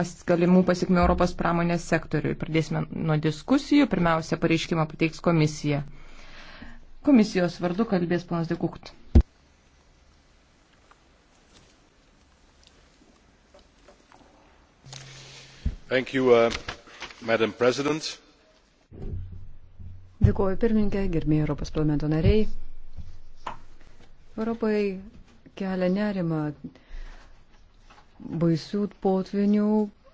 galimų pasiekmių Europos pramonės sektoriui. Pradėsime nuo diskusijų. Pirmiausia, pareiškimą pateiks komisija. Komisijos vardu kalbės ponas Dekukt. Thank you, uh, Madam President. Dėkuoju pirmininkė, gerbėjai Europos parlamento nariai. Europai kelia nerima baisių potvinių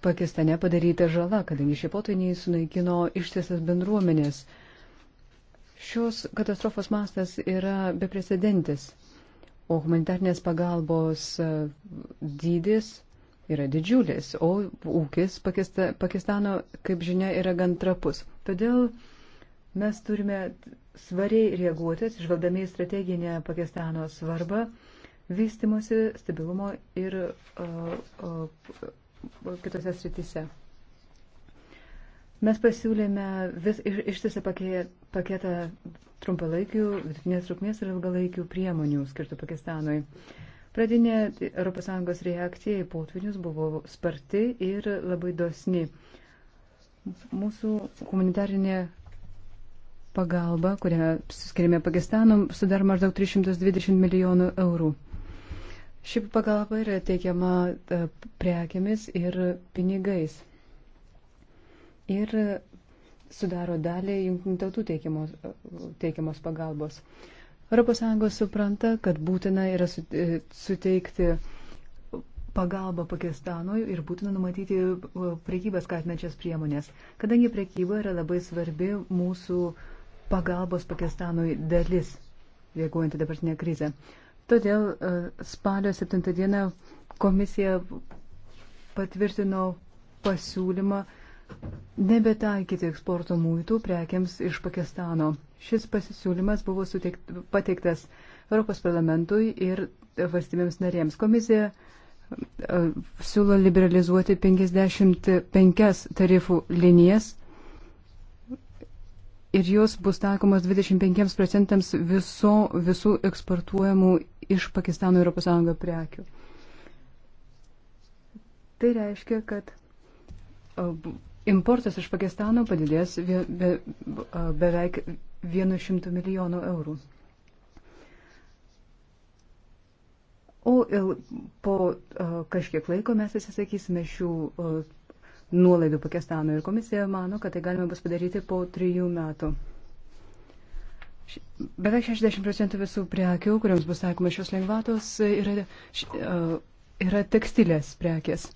Pakistane padaryta žala, kadangi šie potviniai sunaikino ištisas bendruomenės. Šios katastrofos mastas yra beprecedentis, o humanitarnės pagalbos e, dydis yra didžiulis, o ūkis Pakista, Pakistano, kaip žinia, yra gan trapus. Todėl mes turime svariai reaguoti, atsižvelgdami į strateginę Pakistano svarbą vystimosi, stabilumo ir uh, uh, kitose srityse. Mes pasiūlėme vis, iš, ištisą paketą trumpalaikių, vidutinės trukmės ir ilgalaikių priemonių skirtų Pakistanui. Pradinė ES reakcija į potvinius buvo sparti ir labai dosni. Mūsų humanitarinė pagalba, kurią skiriame Pakistanum, sudar maždaug 320 milijonų eurų. Ši pagalba yra teikiama e, prekiamis ir pinigais. Ir sudaro dalį jungtinių tautų teikiamos, teikiamos pagalbos. ES supranta, kad būtina yra e, suteikti pagalbą Pakistanui ir būtina numatyti e, priekybą skatinančias priemonės, kadangi priekyba yra labai svarbi mūsų pagalbos Pakistanui dalis, reaguojant į dabartinę krizę. Todėl e, spalio 7 dieną komisija patvirtino pasiūlymą nebetaikyti eksporto mūtų prekiams iš Pakistano. Šis pasisiūlymas buvo suteikt, pateiktas Europos parlamentui ir valstybėms narėms. Komisija e, siūlo liberalizuoti 55 tarifų linijas ir jos bus takomos 25 procentams viso, visų eksportuojamų iš Pakistano Europos Sąjunga prekių. Tai reiškia, kad importas iš Pakistano padidės be, be, beveik 100 milijonų eurų. O il, po kažkiek laiko mes atsisakysime šių nuolaidų Pakistanui ir komisija mano, kad tai galima bus padaryti po trijų metų. Beveik 60 procentų visų prekių, kuriams bus taikoma šios lengvatos, yra, yra tekstilės prekės.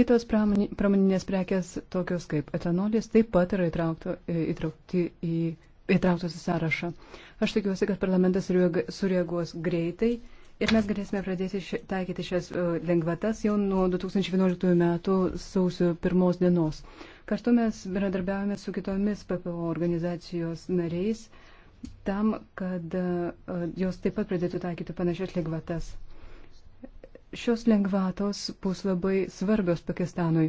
Kitos pramoninės prekės, tokios kaip etanolis, taip pat yra įtraukto, e, įtraukti į, įtrauktos į sąrašą. Aš tikiuosi, kad parlamentas sureaguos greitai ir mes galėsime pradėti ši, taikyti šias e, lengvatas jau nuo 2011 metų sausio pirmos dienos. Kartu mes bendradarbiavame su kitomis PPO organizacijos nariais tam, kad e, jos taip pat pradėtų taikyti panašias lengvatas. Šios lengvatos bus labai svarbios Pakistanui.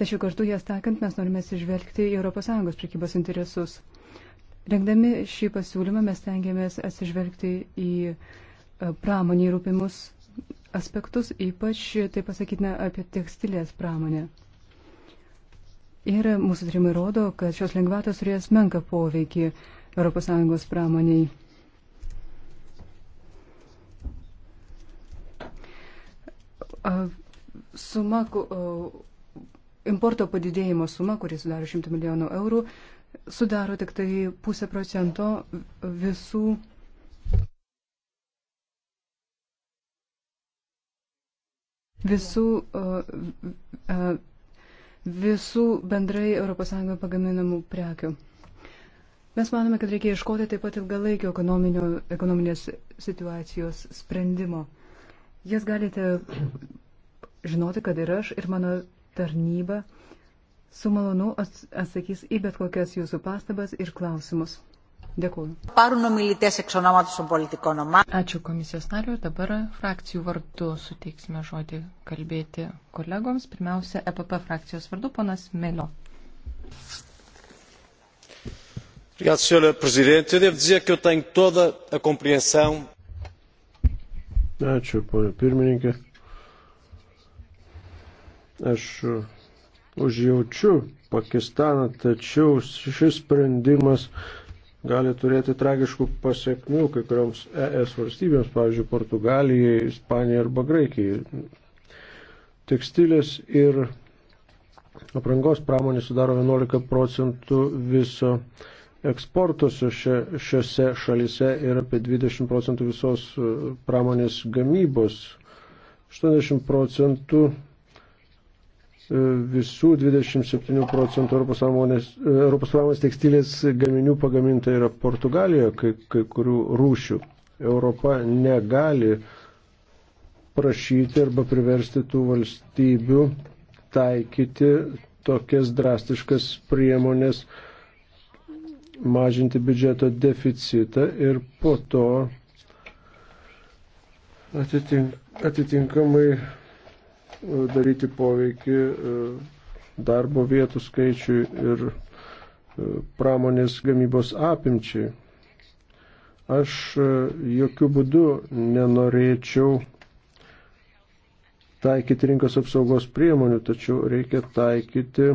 Tačiau kartu jas takant mes norime atsižvelgti į ES prekybos interesus. Rengdami šį pasiūlymą mes tengiamės atsižvelgti į e, pramonį rūpimus aspektus, ypač tai pasakytina apie tekstilės pramonę. Ir mūsų tyrimai rodo, kad šios lengvatos turės menką poveikį ES pramoniai. Suma, importo padidėjimo suma, kuris sudaro 100 milijonų eurų, sudaro tik tai pusę procento visų visų uh, uh, visų bendrai ES pagaminamų prekių. Mes manome, kad reikia iškoti taip pat ilgalaikio ekonominės situacijos sprendimo. Jas galite žinoti, kad ir aš, ir mano tarnyba su malonu atsakys į bet kokias jūsų pastabas ir klausimus. Dėkuoju. Ačiū komisijos nariu. Dabar frakcijų vardu suteiksime žodį kalbėti kolegoms. Pirmiausia, EPP frakcijos vardu ponas Melio. Obrigado, Sra. Presidente. Eu devo dizer que eu tenho toda a compreensão. Ačiū, ponia pirmininkė. Aš užjaučiu Pakistaną, tačiau šis sprendimas gali turėti tragiškų pasiekmių kai kurioms ES valstybėms, pavyzdžiui, Portugalijai, Ispanijai arba Graikijai. Tekstilės ir aprangos pramonė sudaro 11 procentų viso eksporto šiuose šalise ir apie 20 procentų visos e, pramonės gamybos. 80 procentų visų 27 procentų Europos pramonės tekstilės gaminių pagaminta yra Portugalijoje, kai, kai kurių rūšių. Europa negali prašyti arba priversti tų valstybių taikyti tokias drastiškas priemonės, mažinti biudžeto deficitą ir po to atitink, atitinkamai daryti poveikį e, darbo vietų skaičiui ir e, pramonės gamybos apimčiai. Aš e, jokių būdų nenorėčiau taikyti rinkos apsaugos priemonių, tačiau reikia taikyti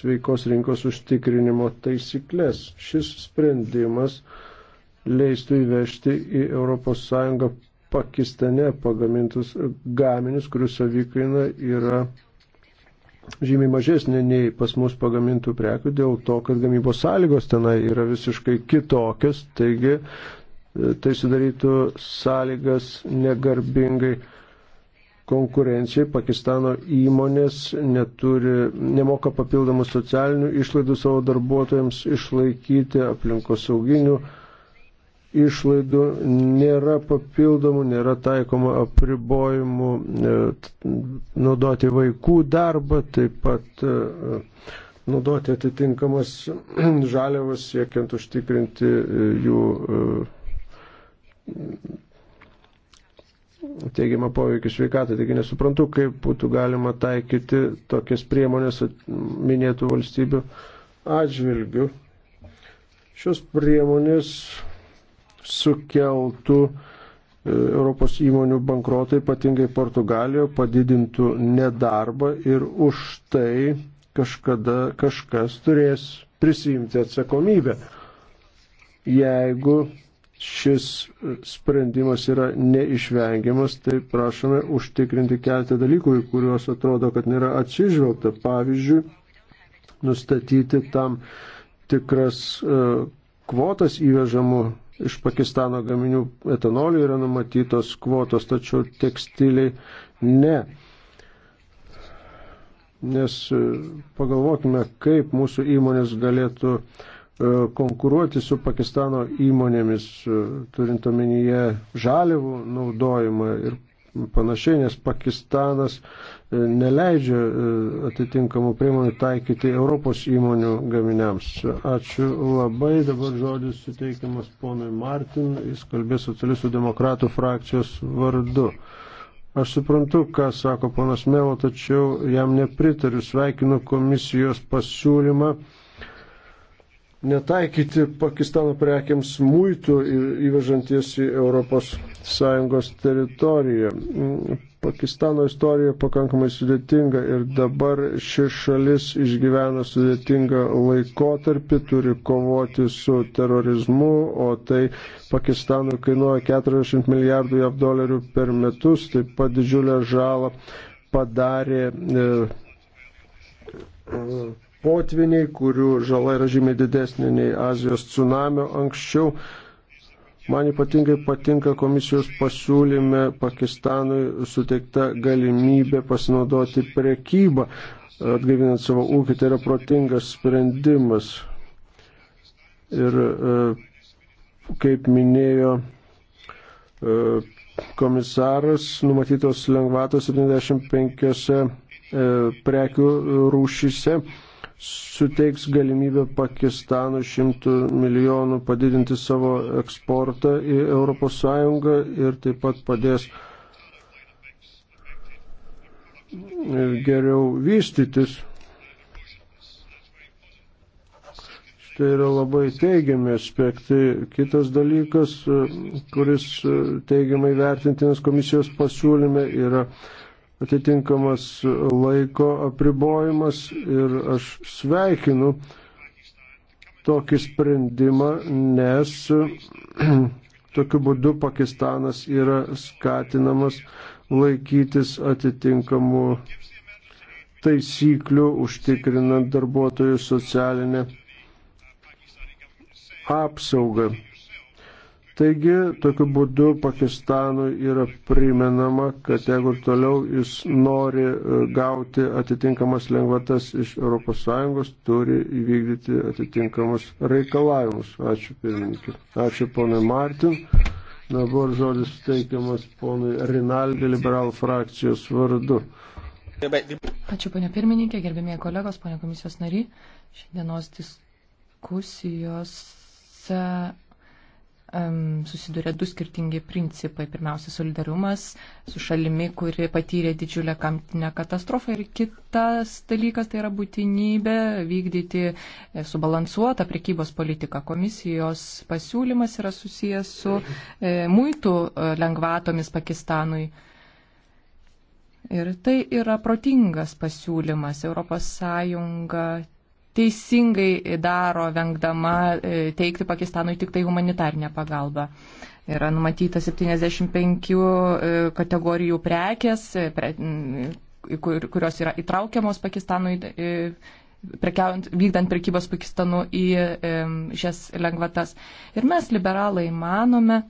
sveikos rinkos užtikrinimo taisyklės. Šis sprendimas leistų įvežti į ES Pakistane pagamintus gaminius, kurių savikaina yra žymiai mažesnė nei pas mus pagamintų prekių dėl to, kad gamybos sąlygos tenai yra visiškai kitokios, taigi e, tai sudarytų sąlygas negarbingai konkurencijai. Pakistano įmonės neturi, nemoka papildomų socialinių išlaidų savo darbuotojams išlaikyti aplinkosauginių sauginių išlaidų nėra papildomų, nėra taikoma apribojimų e, naudoti vaikų darbą, taip pat e, naudoti atitinkamas žaliavas, siekiant užtikrinti e, jų teigiamą poveikį sveikatai. Taigi nesuprantu, kaip būtų galima taikyti tokias priemonės minėtų valstybių atžvilgių. Šios priemonės sukeltų e, Europos įmonių bankrotai, ypatingai Portugalijoje, padidintų nedarbą ir už tai kažkada kažkas turės prisijimti atsakomybę. Jeigu šis sprendimas yra neišvengiamas, tai prašome užtikrinti keletą dalykų, į kuriuos atrodo, kad nėra atsižvelgta. Pavyzdžiui, nustatyti tam tikras e, kvotas įvežamų iš Pakistano gaminių etanolių yra numatytos kvotos, tačiau tekstiliai ne. Nes e, pagalvokime, kaip mūsų įmonės galėtų e, konkuruoti su Pakistano įmonėmis, e, turint omenyje žalivų naudojimą ir panašiai, nes Pakistanas e, neleidžia e, atitinkamų priemonių taikyti Europos įmonių gaminiams. Ačiū labai. Dabar žodis suteikiamas ponui Martin. Jis kalbės socialistų demokratų frakcijos vardu. Aš suprantu, ką sako ponas Melo, tačiau jam nepritariu. Sveikinu komisijos pasiūlymą netaikyti Pakistano prekiams muitų įvežanties į ES teritoriją. Pakistano istorija pakankamai sudėtinga ir dabar ši šalis išgyvena sudėtingą laikotarpį, turi kovoti su terorizmu, o tai Pakistanui kainuoja 40 milijardų jav dolerių per metus, taip pat didžiulę žalą padarė. E, e, potviniai, kurių žala yra žymiai didesnė nei Azijos tsunamio anksčiau. Man ypatingai patinka komisijos pasiūlyme Pakistanui suteikta galimybė pasinaudoti prekybą, atgaivinant savo ūkį. Tai yra protingas sprendimas. Ir e, kaip minėjo e, komisaras, numatytos lengvatos 75 e, prekių rūšyse suteiks galimybę Pakistanui šimtų milijonų padidinti savo eksportą į ES ir taip pat padės geriau vystytis. Tai yra labai teigiami aspektai. Kitas dalykas, kuris teigiamai vertintinas komisijos pasiūlyme, yra atitinkamas laiko apribojimas ir aš sveikinu tokį sprendimą, nes tokiu būdu Pakistanas yra skatinamas laikytis atitinkamų taisyklių, užtikrinant darbuotojų socialinę apsaugą. Taigi, tokiu būdu Pakistanui yra primenama, kad jeigu toliau jis nori e, gauti atitinkamas lengvatas iš ES, turi įvykdyti atitinkamus reikalavimus. Ačiū pirmininkė. Ačiū ponai Martin. Dabar žodis teikiamas ponui Rinaldi, liberal frakcijos vardu. Ačiū ponia pirmininkė, gerbėmėjai kolegos, ponia komisijos nariai. Šiandienos diskusijos um, susiduria du skirtingi principai. Pirmiausia, solidarumas su šalimi, kuri patyrė didžiulę kamtinę katastrofą. Ir kitas dalykas tai yra būtinybė vykdyti e, subalansuotą prekybos politiką. Komisijos pasiūlymas yra susijęs su e, muitų e, lengvatomis Pakistanui. Ir tai yra protingas pasiūlymas. ES teisingai daro, vengdama e, teikti Pakistanui tik tai humanitarnę pagalbą. Yra numatyta 75 e, kategorijų prekės, e, pre, kur, kurios yra įtraukiamos Pakistanui, prekiaujant, vykdant prekybos Pakistanu į šias lengvatas. Ir mes, liberalai, manome,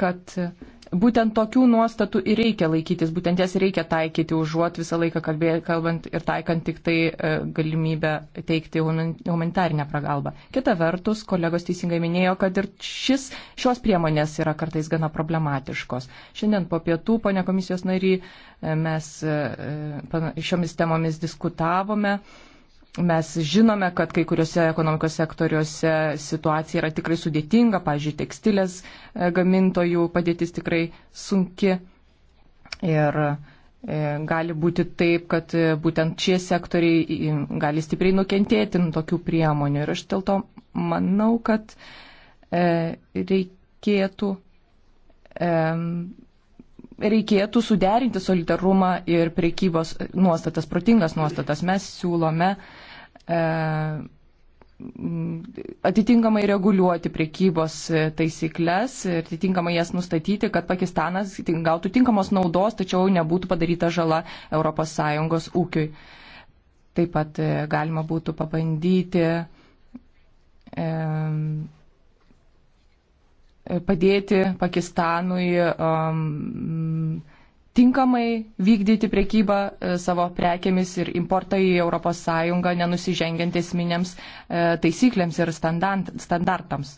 kad Būtent tokių nuostatų ir reikia laikytis, būtent jas reikia taikyti, užuot visą laiką kalbė, kalbant ir taikant tik tai e, galimybę teikti humanitarinę pagalbą. Kita vertus, kolegos teisingai minėjo, kad ir šis, šios priemonės yra kartais gana problematiškos. Šiandien po pietų, ponia komisijos nary, e, mes e, šiomis temomis diskutavome. Mes žinome, kad kai kuriuose ekonomikos sektoriuose situacija yra tikrai sudėtinga, pavyzdžiui, tekstilės e, gamintojų padėtis tikrai sunki. Ir e, gali būti taip, kad e, būtent šie sektoriai gali stipriai nukentėti nuo tokių priemonių. Ir aš dėl to manau, kad reikėtų, reikėtų suderinti solidarumą ir priekybos nuostatas, protingas nuostatas. Mes siūlome uh, E, atitinkamai reguliuoti priekybos taisyklės ir atitinkamai jas nustatyti, kad Pakistanas gautų tinkamos naudos, tačiau nebūtų padaryta žala ES ūkiui. Taip pat e, galima būtų pabandyti e, padėti Pakistanui um, tinkamai vykdyti priekybą e, savo prekėmis ir importą į ES nenusižengiant esminėms e, taisyklėms ir standartams.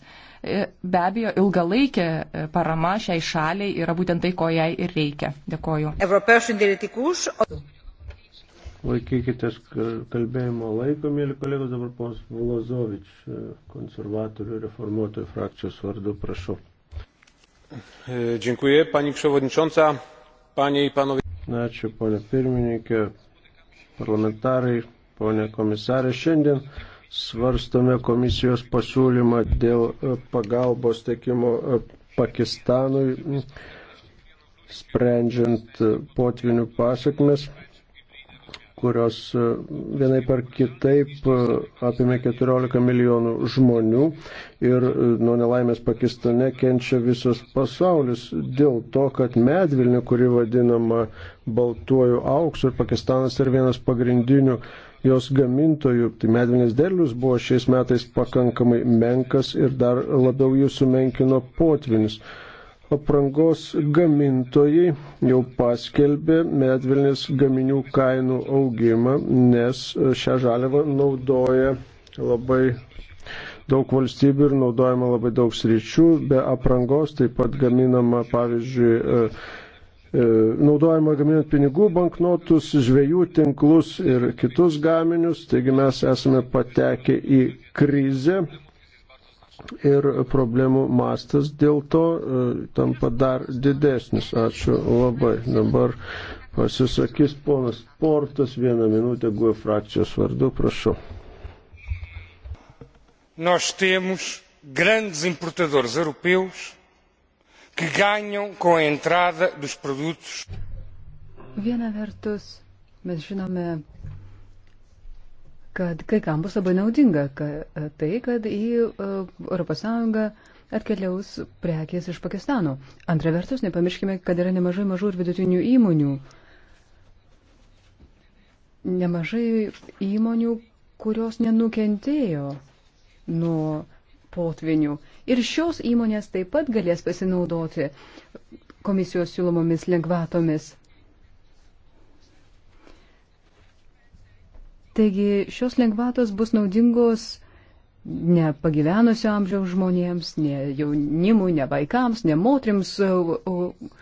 E, be abejo, ilgalaikė parama šiai šaliai yra būtent tai, ko jai ir reikia. Dėkoju. Laikykitės kalbėjimo laiko, mėly kolegos, dabar pons Vlozovič, konservatorių reformuotojų frakcijos vardu, prašau. Dziękuję, pani przewodnicząca. Panie i panowie. Ačiū, ponė pirmininkė, parlamentarai, ponė komisarė. Šiandien svarstome komisijos pasiūlymą dėl e, pagalbos teikimo e, Pakistanui, sprendžiant e, potvinių pasakmes kurios e, vienai par kitaip e, apėmė 14 milijonų žmonių ir e, nuo nelaimės Pakistane kenčia visas pasaulis dėl to, kad medvilnė, kuri vadinama baltuoju auksu ir Pakistanas yra vienas pagrindinių jos gamintojų, tai medvinės derlius buvo šiais metais pakankamai menkas ir dar labiau jų sumenkino potvinis aprangos gamintojai jau paskelbė medvilnės gaminių kainų augimą, nes šią žaliavą naudoja labai daug valstybių ir naudojama labai daug sričių, be aprangos taip pat gaminama, pavyzdžiui, e, e, naudojama gaminant pinigų banknotus, žvėjų tinklus ir kitus gaminius, taigi mes esame patekę į krizę ir problemų mastas dėl to e, tampa dar didesnis. Ačiū labai. Dabar pasisakys ponas Portas vieną minutę GUE frakcijos vardu, prašau. Nós temos grandes importadores europeus que ganham com a entrada dos produtos. Viena vertus, mes žinome, kad kai kam bus labai naudinga kad, e, tai, kad į ES atkeliaus prekės iš Pakistano. Antra vertus, nepamirškime, kad yra nemažai mažų ir vidutinių įmonių. Nemažai įmonių, kurios nenukentėjo nuo potvinių. Ir šios įmonės taip pat galės pasinaudoti komisijos siūlomomis lengvatomis. Taigi šios lengvatos bus naudingos ne pagyvenusio amžiaus žmonėms, ne jaunimui, ne vaikams, ne moteriams, e, e,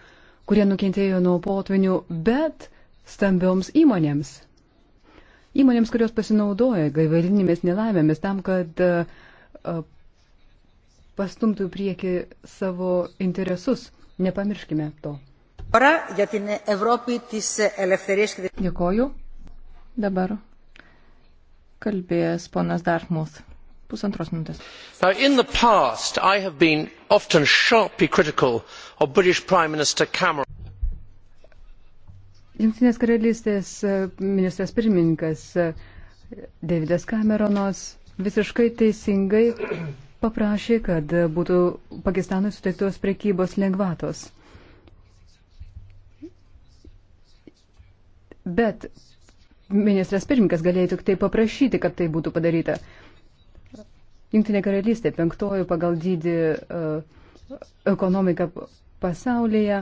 kurie nukentėjo nuo potvinių, bet stambioms įmonėms. Įmonėms, kurios pasinaudoja gaivalinėmis nelaimėmis tam, kad e, pastumtų prieki savo interesus. Nepamirškime to. Dėkoju. Dabar kalbėjęs ponas Dartmouth. Pusantros minutės. Now, in the past, I have been often sharply critical of British Prime Minister Cameron. Junktinės karalystės e, ministras pirmininkas e, Davidas Cameronas visiškai teisingai paprašė, kad e, būtų Pakistanui suteiktos prekybos lengvatos. Bet ministras pirmininkas galėjo tik tai paprašyti, kad tai būtų padaryta. Junktinė karalystė penktoji pagal dydį uh, e, ekonomiką pasaulyje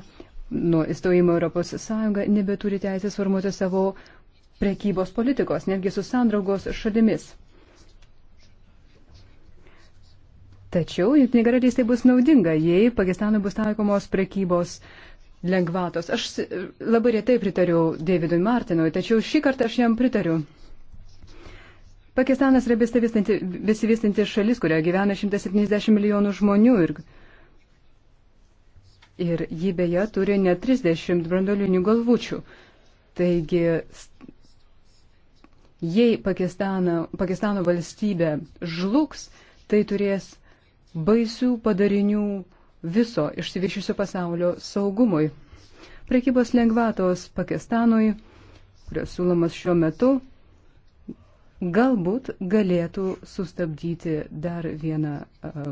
nuo įstojimo Europos Sąjunga nebeturi teisės formuoti savo prekybos politikos, netgi su sandraugos šalimis. Tačiau Junktinė karalystė bus naudinga, jei Pakistanui bus taikomos prekybos uh, lengvatos. Aš labai retai pritariu Davidui Martinui, tačiau šį kartą aš jam pritariu. Pakistanas yra besivystanti šalis, kurioje gyvena 170 milijonų žmonių ir, ir jį beje turi net 30 brandolinių galvučių. Taigi, jei Pakistano, Pakistano valstybė žlugs, tai turės baisių padarinių viso išsivyšiusio pasaulio saugumui. Prekybos lengvatos Pakistanui, kurios siūlomas šiuo metu, galbūt galėtų sustabdyti dar vieną, uh,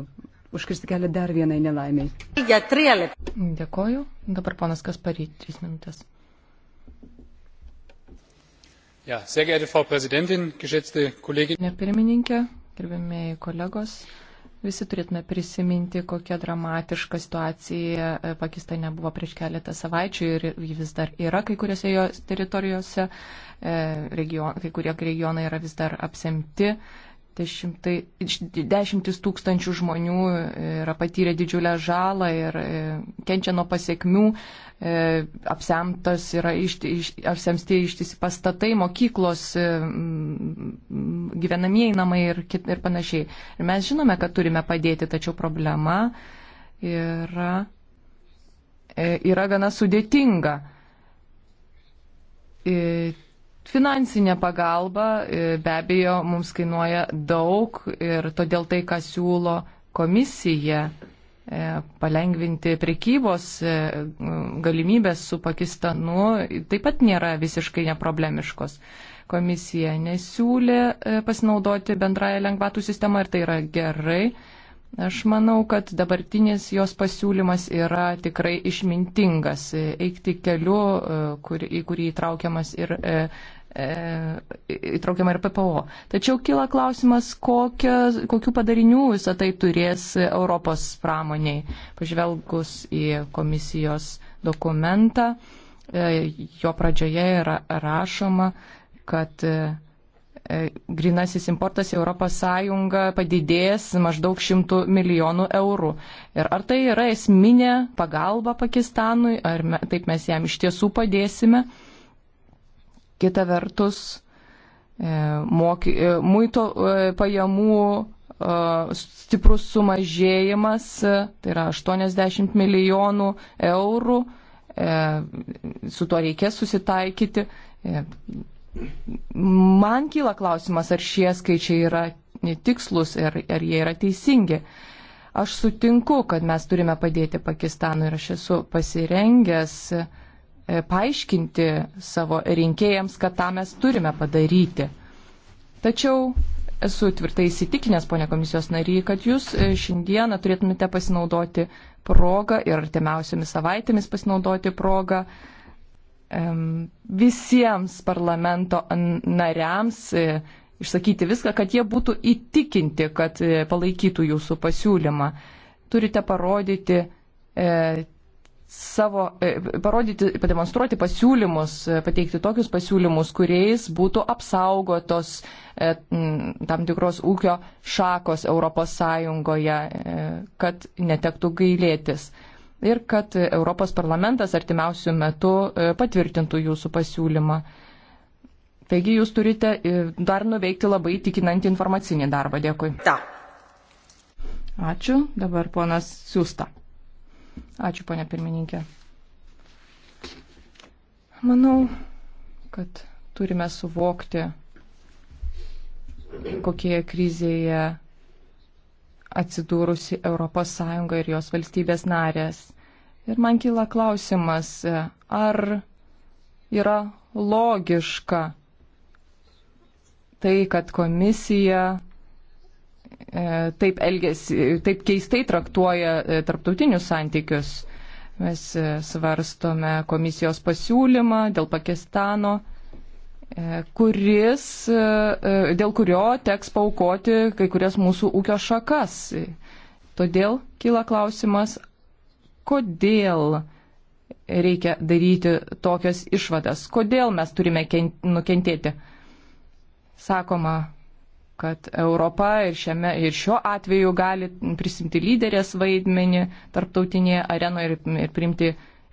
užkirsti kelią dar vienai nelaimiai. Dėkoju. Dabar ponas Kasparį, trys minutės. Ja, sehr geehrte Frau Präsidentin, geschätzte Kolleginnen. Pirmininkė, gerbėmėjai kolegos. Visi turėtume prisiminti, kokia dramatiška situacija e, Pakistane buvo prieš keletą savaičių ir ji vis dar yra kai kuriuose jo teritorijose, e, region, kai kurie regionai yra vis dar apsemti dešimtai, dešimtis tūkstančių žmonių e, yra patyrę didžiulę žalą ir e, kenčia nuo pasiekmių, e, apsemtas yra išti, iš, apsemsti ištisi pastatai, mokyklos, gyvenamieji namai ir, ir panašiai. Ir mes žinome, kad turime padėti, tačiau problema yra, yra gana sudėtinga Finansinė pagalba e, be abejo mums kainuoja daug ir todėl tai, ką siūlo komisija e, palengvinti prekybos e, galimybės su Pakistanu, taip pat nėra visiškai neproblemiškos. Komisija nesiūlė pasinaudoti bendrąją lengvatų sistemą ir tai yra gerai. Aš manau, kad dabartinis jos pasiūlymas yra tikrai išmintingas, eikti keliu, kur, į kurį įtraukiamas ir E, įtraukiama ir PPO. Tačiau kyla klausimas, kokio, kokių padarinių visą tai turės Europos pramoniai. Pažvelgus į komisijos dokumentą, e, jo pradžioje yra rašoma, kad e, grinasis importas į ES padidės maždaug 100 milijonų eurų. Ir ar tai yra esminė pagalba Pakistanui, ar me, taip mes jam iš tiesų padėsime? Kita vertus, e, moky, e, muito e, pajamų stiprus sumažėjimas, tai yra 80 milijonų eurų, su to reikės susitaikyti. Man kyla klausimas, ar šie skaičiai yra tikslus ir ar jie yra teisingi. Aš sutinku, kad mes turime padėti Pakistanui ir aš esu pasirengęs uh, E, paaiškinti savo rinkėjams, kad tą mes turime padaryti. Tačiau esu tvirtai įsitikinęs, ponė komisijos nariai, kad jūs e, šiandieną turėtumėte pasinaudoti progą ir artimiausiamis savaitėmis pasinaudoti progą visiems parlamento nariams e, išsakyti viską, kad jie būtų įtikinti, kad palaikytų jūsų pasiūlymą. Turite parodyti savo, e, parodyti, pademonstruoti pasiūlymus, e, pateikti tokius pasiūlymus, kuriais būtų apsaugotos e, tam tikros ūkio šakos ES, kad netektų gailėtis. Ir kad Europos parlamentas artimiausių metų patvirtintų jūsų pasiūlymą. Taigi jūs turite dar nuveikti labai tikinantį informacinį darbą. Dėkui. Ta. Ačiū. Dabar ponas Siusta. Ačiū, ponia pirmininkė. Manau, kad turime suvokti, kokie krizėje atsidūrusi ES ir jos valstybės narės. Ir man kyla klausimas, ar yra logiška tai, kad komisija E, taip elgesi, taip keistai traktuoja e, tarptautinius santykius. Mes e, svarstome komisijos pasiūlymą dėl Pakistano, kuris, dėl kurio teks paukoti kai kurias mūsų ūkio šakas. Todėl kyla klausimas, kodėl reikia daryti tokias išvadas, kodėl mes turime nukentėti. Sakoma, kad Europa ir, šiame, ir šiuo atveju gali prisimti lyderės vaidmenį tarptautinėje arenoje ir, ir priimti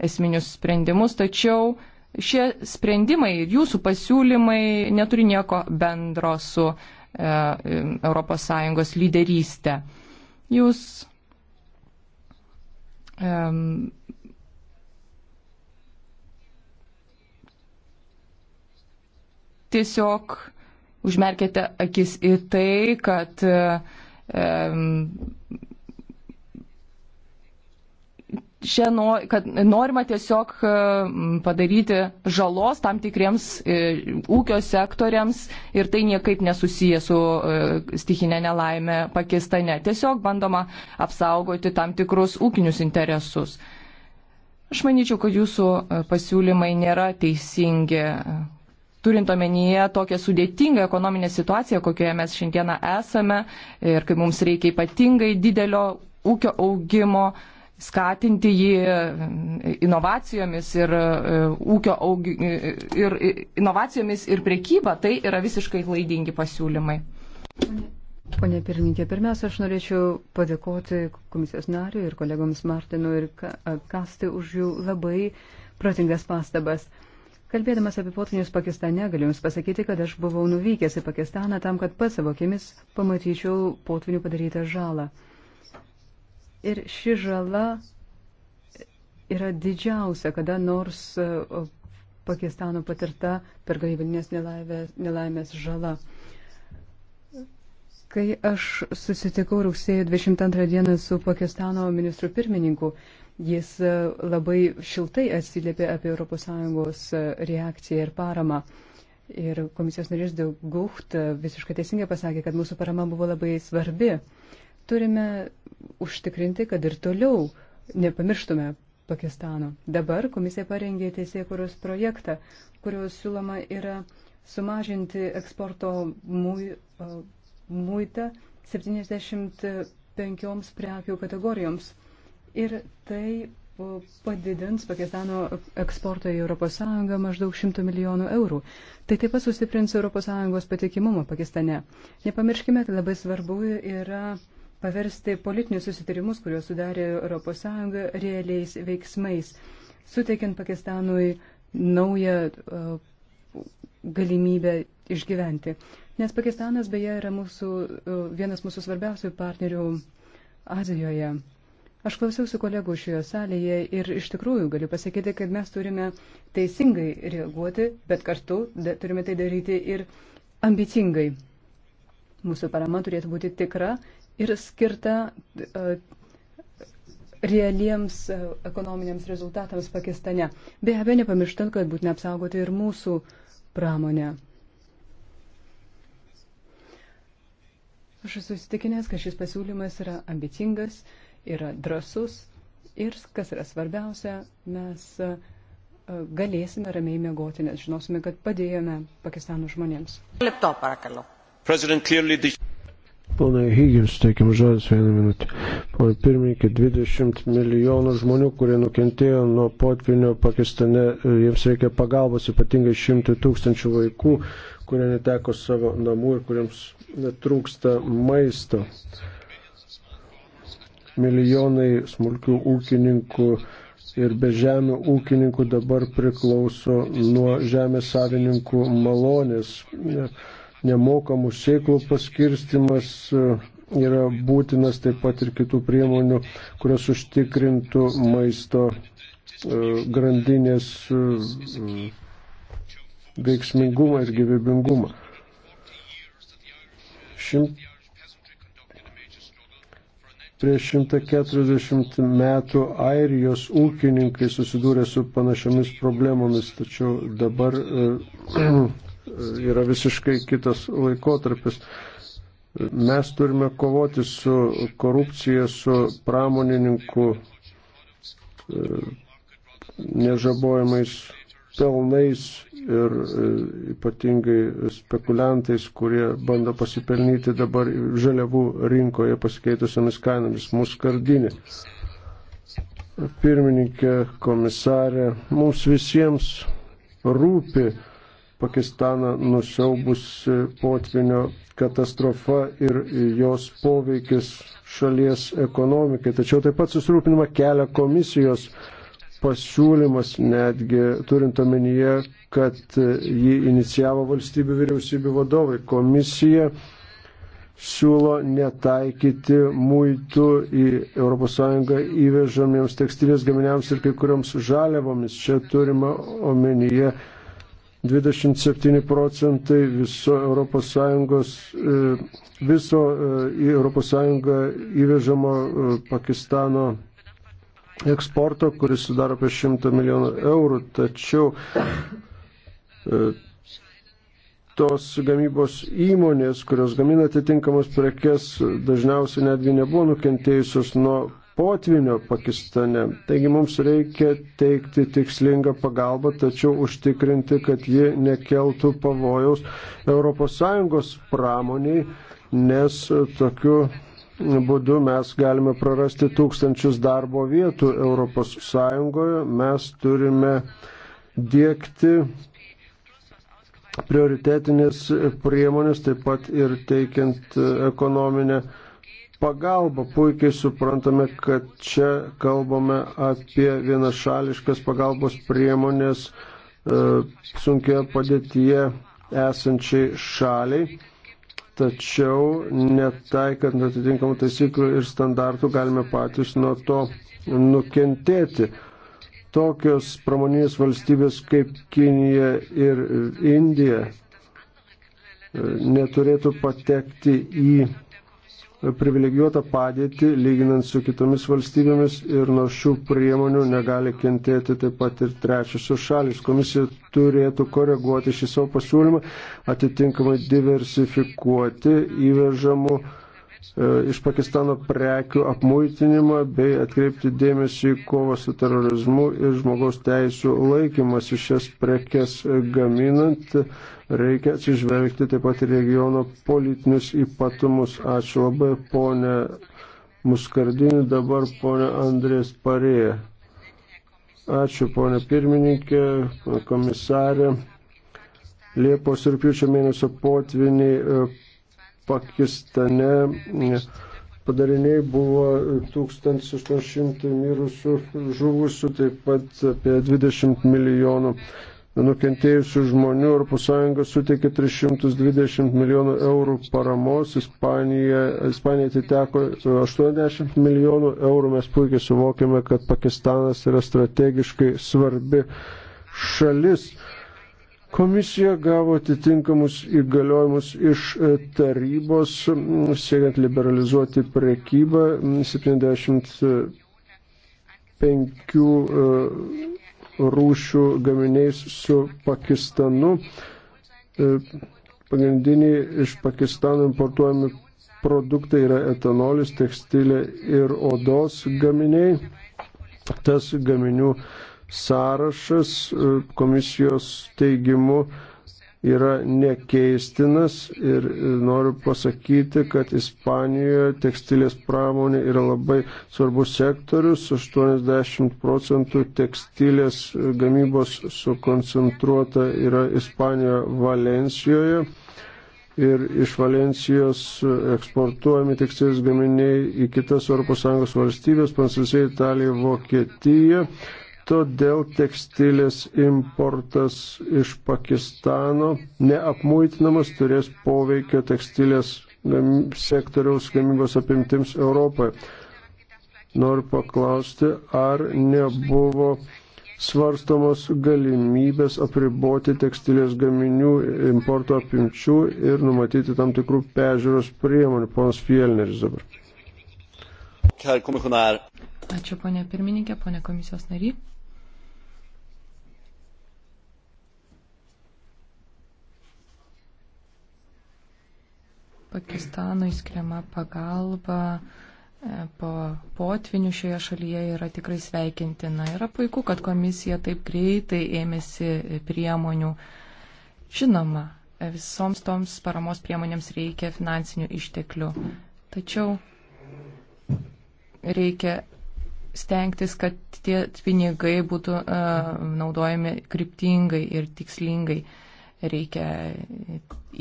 esminius sprendimus, tačiau šie sprendimai ir jūsų pasiūlymai neturi nieko bendro su e, ES lyderystė. Jūs e, tiesiog užmerkėte akis į tai, kad čia no, kad norima tiesiog padaryti žalos tam tikriems e, ūkio sektoriams ir tai niekaip nesusiję su e, stichinė nelaimė Pakistane. Tiesiog bandoma apsaugoti tam tikrus ūkinius interesus. Aš manyčiau, kad jūsų e, pasiūlymai nėra teisingi turint omenyje tokią sudėtingą ekonominę situaciją, kokioje mes šiandieną esame ir kai mums reikia ypatingai didelio ūkio augimo, skatinti jį e, inovacijomis ir, e, ūkio augi, e, ir inovacijomis ir priekyba, tai yra visiškai klaidingi pasiūlymai. Pone pirmininkė, pirmiausia, aš norėčiau padėkoti komisijos nariui ir kolegoms Martinu ir Kastui už jų labai protingas pastabas. Kalbėdamas apie potvinius Pakistane, galiu Jums pasakyti, kad aš buvau nuvykęs į Pakistaną tam, kad pats savo akimis pamatyčiau potvinių padarytą žalą. Ir ši žala yra didžiausia, kada nors e, Pakistano patirta per gaivinės nelaimės žala. Kai aš susitikau rugsėjo 22 dieną su Pakistano ministru pirmininku, Jis e, labai šiltai atsiliepė apie ES e, reakciją ir paramą. Ir komisijos narys Daugucht e, visiškai teisingai pasakė, kad mūsų parama buvo labai svarbi. Turime užtikrinti, kad ir toliau nepamirštume Pakistano. Dabar komisija parengė teisėkuros projektą, kurio siūloma yra sumažinti eksporto mui, muitą 75 penkioms prekių kategorijoms. Ir tai e, padidins Pakistano eksportą į ES maždaug 100 milijonų eurų. Tai taip pat sustiprins ES patikimumą Pakistane. Nepamirškime, kad labai svarbu yra paversti politinius susitarimus, kuriuos sudarė ES, realiais veiksmais, suteikiant Pakistanui naują uh, galimybę išgyventi. Nes Pakistanas beje yra mūsų, uh, vienas mūsų svarbiausių partnerių Azijoje. Aš klausiausi kolegų šioje salėje ir iš tikrųjų galiu pasakyti, kad mes turime teisingai reaguoti, bet kartu turime tai daryti ir ambicingai. Mūsų parama turėtų būti tikra ir skirta uh, realiems uh, ekonominiams rezultatams Pakistane. Be abejo, nepamirštant, kad būtina apsaugoti ir mūsų pramonę. Aš esu įsitikinęs, kad šis pasiūlymas yra ambicingas yra drasus ir, kas yra svarbiausia, mes e, galėsime ramiai mėgoti, nes žinosime, kad padėjome Pakistano žmonėms. Pana Higgins, teikim žodis vieną minutę. Pana pirmininkė, 20 milijonų žmonių, kurie nukentėjo nuo potvinio Pakistane, e, jiems reikia pagalbos, ypatingai 100 tūkstančių vaikų, kurie neteko savo namų ir kuriems trūksta maisto milijonai smulkių ūkininkų ir bežemių ūkininkų dabar priklauso nuo žemės savininkų malonės. Nemokamų sėklų paskirstimas e, yra būtinas taip pat ir kitų priemonių, kurios užtikrintų maisto e, grandinės e, veiksmingumą ir gyvybingumą. Šimt Prieš 140 metų airijos ūkininkai susidūrė su panašiomis problemomis, tačiau dabar e, yra visiškai kitas laikotarpis. Mes turime kovoti su korupcija, su pramonininkų e, nežabojamais pelnais ir e, ypatingai spekuliantais, kurie bando pasipelnyti dabar žaliavų rinkoje pasikeitusiamis kainomis mūsų kardinė. Pirmininkė, komisarė, mums visiems rūpi Pakistaną nusiaubus potvinio katastrofa ir jos poveikis šalies ekonomikai. Tačiau taip pat susirūpinimą kelia komisijos pasiūlymas netgi turint omenyje, kad jį inicijavo valstybių vyriausybių vadovai. Komisija siūlo netaikyti muitų į ES įvežamiems tekstilės gaminiams ir kai kurioms žaliavomis. Čia turima omenyje 27 procentai viso ES, e, viso e, į ES įvežamo e, Pakistano eksporto, kuris sudaro apie 100 milijonų eurų, tačiau e, tos gamybos įmonės, kurios gamina atitinkamas prekes, dažniausiai netgi nebuvo nukentėjusios nuo potvinio Pakistane. Taigi mums reikia teikti tikslingą pagalbą, tačiau užtikrinti, kad ji nekeltų pavojaus ES pramoniai, nes tokiu būdu mes galime prarasti tūkstančius darbo vietų Europos Sąjungoje. Mes turime dėkti prioritetinės priemonės, taip pat ir teikiant ekonominę pagalbą. Puikiai suprantame, kad čia kalbame apie vienašališkas pagalbos priemonės e, sunkioje padėtyje esančiai šaliai tačiau netaikant atitinkamų taisyklių ir standartų galime patys nuo to nukentėti. Tokios pramoninės valstybės kaip Kinija ir Indija e, neturėtų patekti į privilegijuotą padėtį lyginant su kitomis valstybėmis ir nuo šių priemonių negali kentėti taip pat ir trečiosios šalis. Komisija turėtų koreguoti šį savo pasiūlymą, atitinkamai diversifikuoti įvežamų E, iš Pakistano prekių apmuitinimą bei atkreipti dėmesį į kovą su terorizmu ir žmogaus teisų laikymas iš šias prekes gaminant. Reikia atsižvelgti taip pat ir regiono politinius ypatumus. Ačiū labai, ponė Muskardinį, dabar ponė Andrės Parėja. Ačiū, ponė pirmininkė, komisarė. Liepos ir piučio mėnesio potviniai e, Pakistane e, padariniai buvo 1800 mirusių žuvusių, taip pat apie 20 milijonų nukentėjusių žmonių. ES suteikė 320 milijonų eurų paramos, Ispanija, Ispanija atiteko 80 milijonų eurų. Mes puikiai suvokiame, kad Pakistanas yra strategiškai svarbi šalis Komisija gavo atitinkamus įgaliojimus iš e, tarybos, siekiant liberalizuoti prekybą 75 e, e, rūšių gaminiais su Pakistanu. Pagrindiniai iš Pakistano importuojami produktai yra etanolis, tekstilė ir odos gaminiai. Tas gaminių uh, sąrašas e, komisijos teigimu yra nekeistinas ir e, noriu pasakyti, kad Ispanijoje tekstilės pramonė yra labai svarbus sektorius, 80 procentų tekstilės e, gamybos sukoncentruota yra Ispanijoje Valencijoje. Ir iš Valencijos eksportuojami tekstilės gaminiai į kitas ES valstybės, Prancūziją, Italiją, Vokietiją. Todėl tekstilės importas iš Pakistano neapmuitinamas turės poveikio tekstilės sektoriaus gamybos apimtims Europoje. Noriu paklausti, ar nebuvo svarstamos galimybės apriboti tekstilės gaminių importo apimčių ir numatyti tam tikrų pežiūros priemonių. Ponas Fielneris dabar. Ačiū, ponė pirmininkė, ponė komisijos nary. Pakistanui skiriama pagalba e, po potvinių šioje šalyje yra tikrai sveikintina. Yra puiku, kad komisija taip greitai ėmėsi priemonių. Žinoma, visoms toms paramos priemonėms reikia finansinių išteklių. Tačiau reikia stengtis, kad tie pinigai būtų uh, naudojami kryptingai ir tikslingai. Reikia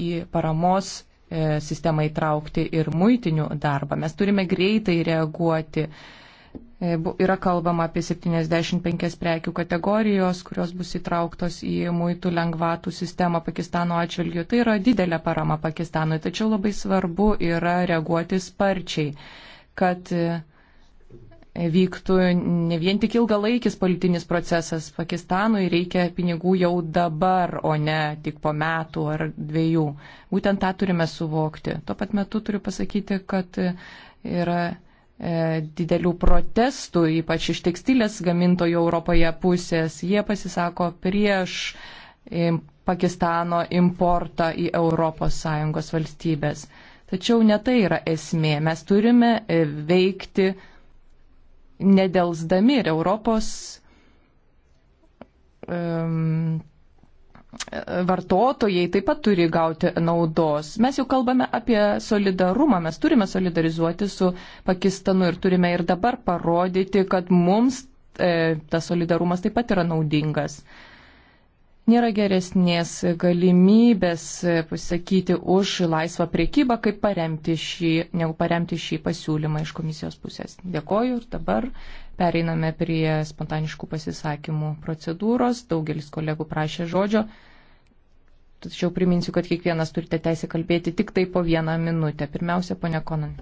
į paramos E, sistemą įtraukti ir muitinių darbą. Mes turime greitai reaguoti. E, yra kalbama apie 75 prekių kategorijos, kurios bus įtrauktos į muitų lengvatų sistemą Pakistano atžvilgių. Tai yra didelė parama Pakistanui, tačiau labai svarbu yra reaguoti sparčiai, kad uh, vyktų ne vien tik ilgalaikis politinis procesas. Pakistanui reikia pinigų jau dabar, o ne tik po metų ar dviejų. Būtent tą turime suvokti. Tuo pat metu turiu pasakyti, kad yra e, didelių protestų, ypač iš tekstilės gamintojų Europoje pusės. Jie pasisako prieš e, Pakistano importą į ES valstybės. Tačiau ne tai yra esmė. Mes turime e, veikti nedelsdami ir Europos um, vartotojai taip pat turi gauti naudos. Mes jau kalbame apie solidarumą, mes turime solidarizuoti su Pakistanu ir turime ir dabar parodyti, kad mums e, tas solidarumas taip pat yra naudingas. E, Nėra geresnės galimybės pasakyti už laisvą priekybą, kaip paremti šį, negu paremti šį pasiūlymą iš komisijos pusės. Dėkoju ir dabar pereiname prie spontaniškų pasisakymų procedūros. Daugelis kolegų prašė žodžio. Tačiau priminsiu, kad kiekvienas turite teisę kalbėti tik tai po vieną minutę. Pirmiausia, ponia Konan.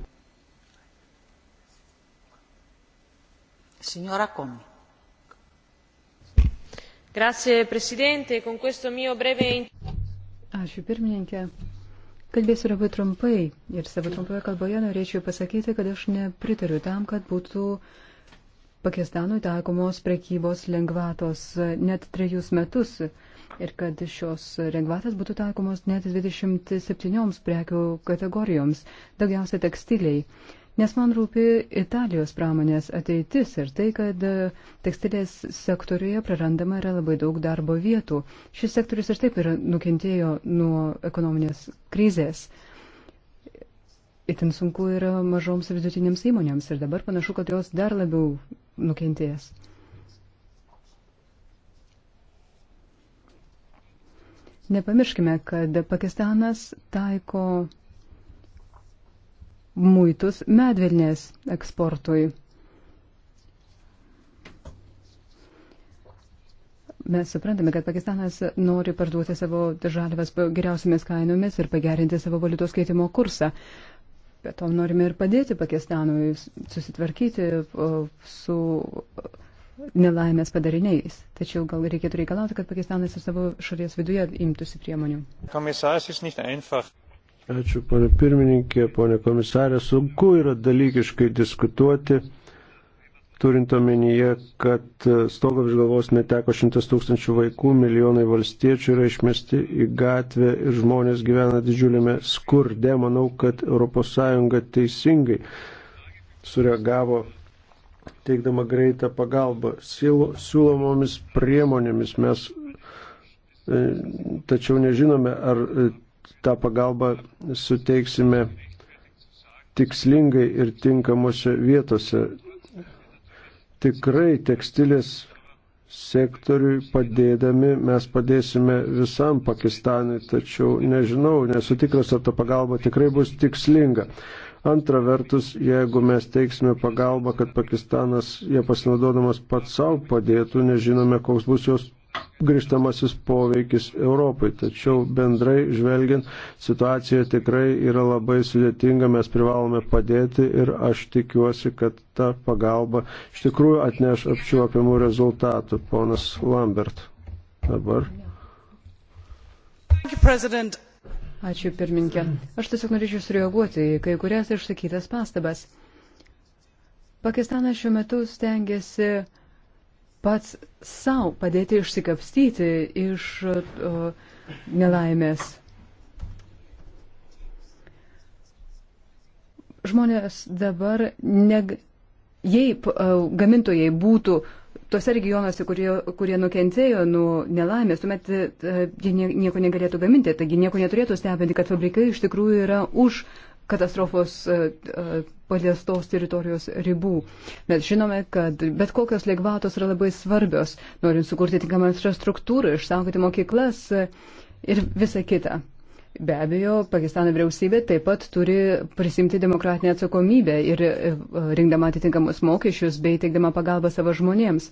Signora Komi. Grazie, Presidente. Con questo mio breve. Ačiū, pirmininkė. Kalbėsiu labai trumpai ir savo trumpoje kalboje norėčiau pasakyti, kad aš nepritariu tam, kad būtų Pakistanui taikomos prekybos lengvatos net trejus metus ir kad šios lengvatas būtų taikomos net 27 prekių kategorijoms, daugiausia tekstiliai nes man rūpi Italijos pramonės ateitis ir tai, kad e, tekstilės sektoriuje prarandama yra labai daug darbo vietų. Šis sektorius ir taip yra nukentėjo nuo ekonominės krizės. Itin sunku yra mažoms ir vidutinėms įmonėms ir dabar panašu, kad jos dar labiau nukentės. Nepamirškime, kad Pakistanas taiko muitus medvilnės eksportui. Mes suprantame, kad Pakistanas nori parduoti savo žalvas geriausiamis kainomis ir pagerinti savo valiutos keitimo kursą. Bet to norime ir padėti Pakistanui susitvarkyti su nelaimės padariniais. Tačiau gal reikėtų reikalauti, kad Pakistanas ir savo šalies viduje imtųsi priemonių. Komisaras, jis nicht einfach. Ačiū, ponė pirmininkė, ponė komisarė. Sunku yra dalykiškai diskutuoti, turint omenyje, kad stogo virš galvos neteko šimtas tūkstančių vaikų, milijonai valstiečių yra išmesti į gatvę ir žmonės gyvena didžiuliame skurde. Manau, kad ES teisingai sureagavo teikdama greitą pagalbą. Siūlomomis priemonėmis mes e, tačiau nežinome, ar e, tą pagalbą suteiksime tikslingai ir tinkamuose vietose. Tikrai tekstilės sektoriui padėdami mes padėsime visam Pakistanui, tačiau nežinau, nesu tikras, ar ta pagalba tikrai bus tikslinga. Antra vertus, jeigu mes teiksime pagalbą, kad Pakistanas, jie pasinaudodamas pats savo padėtų, nežinome, koks bus jos grįžtamasis poveikis Europai. Tačiau bendrai žvelgiant, situacija tikrai yra labai sudėtinga, mes privalome padėti ir aš tikiuosi, kad ta pagalba iš tikrųjų atneš apčiuopiamų rezultatų. Ponas Lambert. Dabar. Ačiū pirmininkė. Aš tiesiog norėčiau sureaguoti į kai kurias išsakytas pastabas. Pakistanas šiuo metu stengiasi pats savo padėti išsikapstyti iš uh, nelaimės. Žmonės dabar, neg... jei uh, gamintojai būtų tose regionuose, kurie, kurie nukentėjo nuo nelaimės, tuomet uh, jie nieko negalėtų gaminti, taigi nieko neturėtų stebinti, kad fabrikai iš tikrųjų yra už uh, katastrofos e, e, paliestos teritorijos ribų. Mes žinome, kad bet kokios lengvatos yra labai svarbios, norint sukurti tinkamą infrastruktūrą, išsaugoti mokyklas e, ir visą kitą. Be abejo, Pakistano vyriausybė taip pat turi prisimti demokratinę atsakomybę ir rinkdama atitinkamus mokesčius bei teikdama pagalbą savo žmonėms.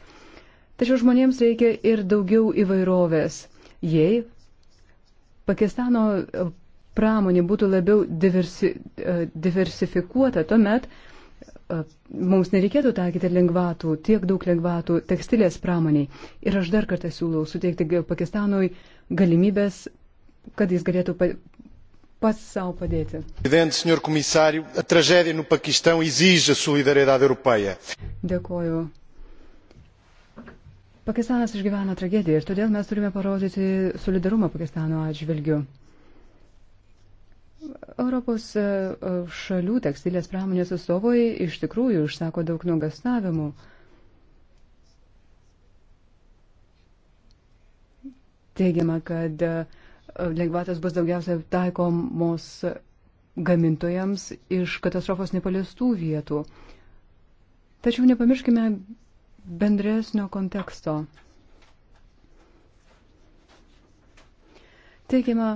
Tačiau žmonėms reikia ir daugiau įvairovės. Jei Pakistano pramonė būtų labiau diversi, e, diversifikuota, tuomet e, mums nereikėtų taikyti lengvatų, tiek daug lengvatų tekstilės pramoniai. Ir aš dar kartą siūlau suteikti Pakistanui galimybės, kad jis galėtų pats savo padėti. Dėkoju. Pakistanas išgyvena tragediją ir todėl mes turime parodyti solidarumą Pakistano atžvilgiu. Europos e, e, šalių tekstilės pramonės atstovai iš tikrųjų išsako daug nuogastavimų. Teigiama, kad e, lengvatas bus daugiausia taikomos gamintojams iš katastrofos nepaliestų vietų. Tačiau nepamirškime bendresnio konteksto. Teigiama,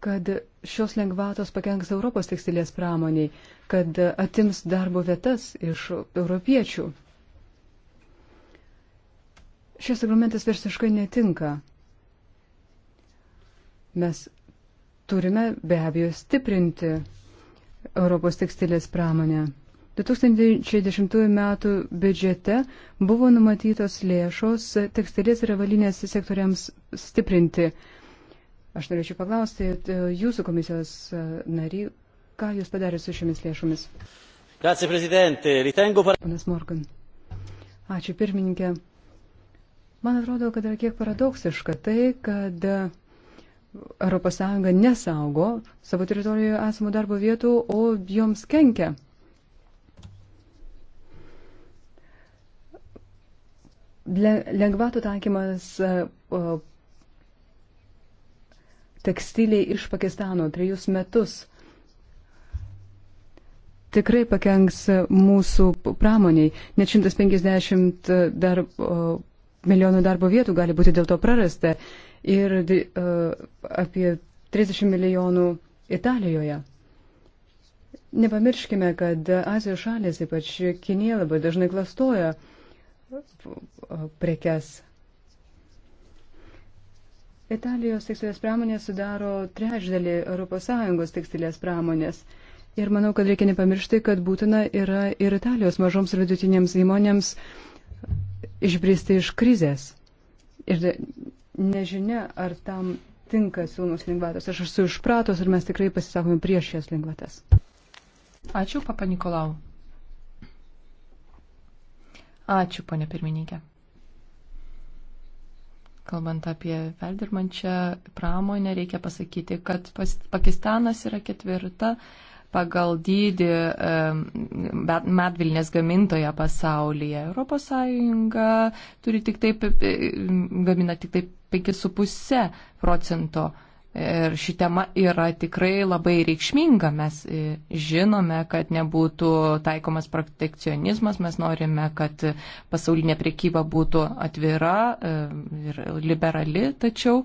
kad šios lengvatos pakenks Europos tekstilės pramoniai, kad atims darbo vietas iš europiečių. Šis argumentas versiškai netinka. Mes turime be abejo stiprinti Europos tekstilės pramonę. 2010 m. biudžete buvo numatytos lėšos tekstilės ir avalinės sektoriams stiprinti. Aš norėčiau paklausti jūsų komisijos e, nary, ką jūs padarė su šiomis lėšomis. Grazie, prezidente. Ritengo par... Panas Morgan. Ačiū, pirmininkė. Man atrodo, kad yra kiek paradoksiška tai, kad ES nesaugo savo teritorijoje esamų darbo vietų, o joms kenkia. Lengvatų taikymas e, tekstiliai iš Pakistano trejus metus tikrai pakenks mūsų pramoniai. Net 150 e, dar, milijonų darbo vietų gali būti dėl to prarasta ir e, apie 30 milijonų Italijoje. Nepamirškime, kad Azijos šalės, ypač Kinė, labai dažnai klastoja e, prekes Italijos tekstilės pramonė sudaro trečdalį ES tekstilės pramonės. Ir manau, kad reikia nepamiršti, kad būtina yra ir Italijos mažoms ir vidutinėms įmonėms išbristi iš krizės. Ir nežinia, ar tam tinka siūlomos lengvatos. Aš esu išpratos ir mes tikrai pasisakome prieš šias lengvatas. Ačiū, papa Nikolau. Ačiū, ponė pirmininkė kalbant apie perdirbančią pramonę, reikia pasakyti, kad Pakistanas yra ketvirta pagal dydį medvilnės gamintoje pasaulyje. Europos Sąjunga turi tik taip, gamina tik taip 5,5 procento Ir ši tema yra tikrai labai reikšminga. Mes e, žinome, kad nebūtų taikomas protekcionizmas, mes norime, kad pasaulinė priekyba būtų atvira e, ir liberali, tačiau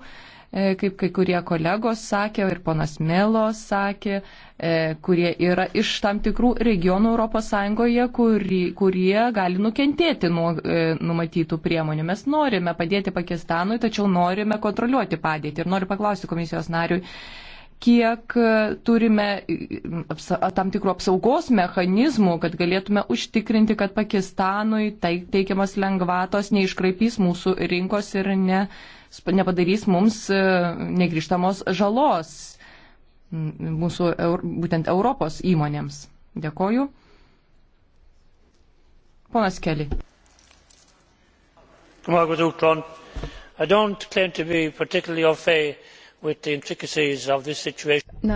E, kaip kai kurie kolegos sakė ir ponas Melo sakė, e, kurie yra iš tam tikrų regionų ES, kurie, kurie gali nukentėti nuo e, numatytų priemonių. Mes norime padėti Pakistanui, tačiau norime kontroliuoti padėtį. Ir noriu paklausti komisijos nariui kiek turime tam tikrų apsaugos mechanizmų, kad galėtume užtikrinti, kad Pakistanui tai, teikiamas lengvatos neiškraipys mūsų rinkos ir ne nepadarys mums e, negrižtamos žalos mūsų būtent Europos įmonėms. Dėkoju. Ponas Keli. Na,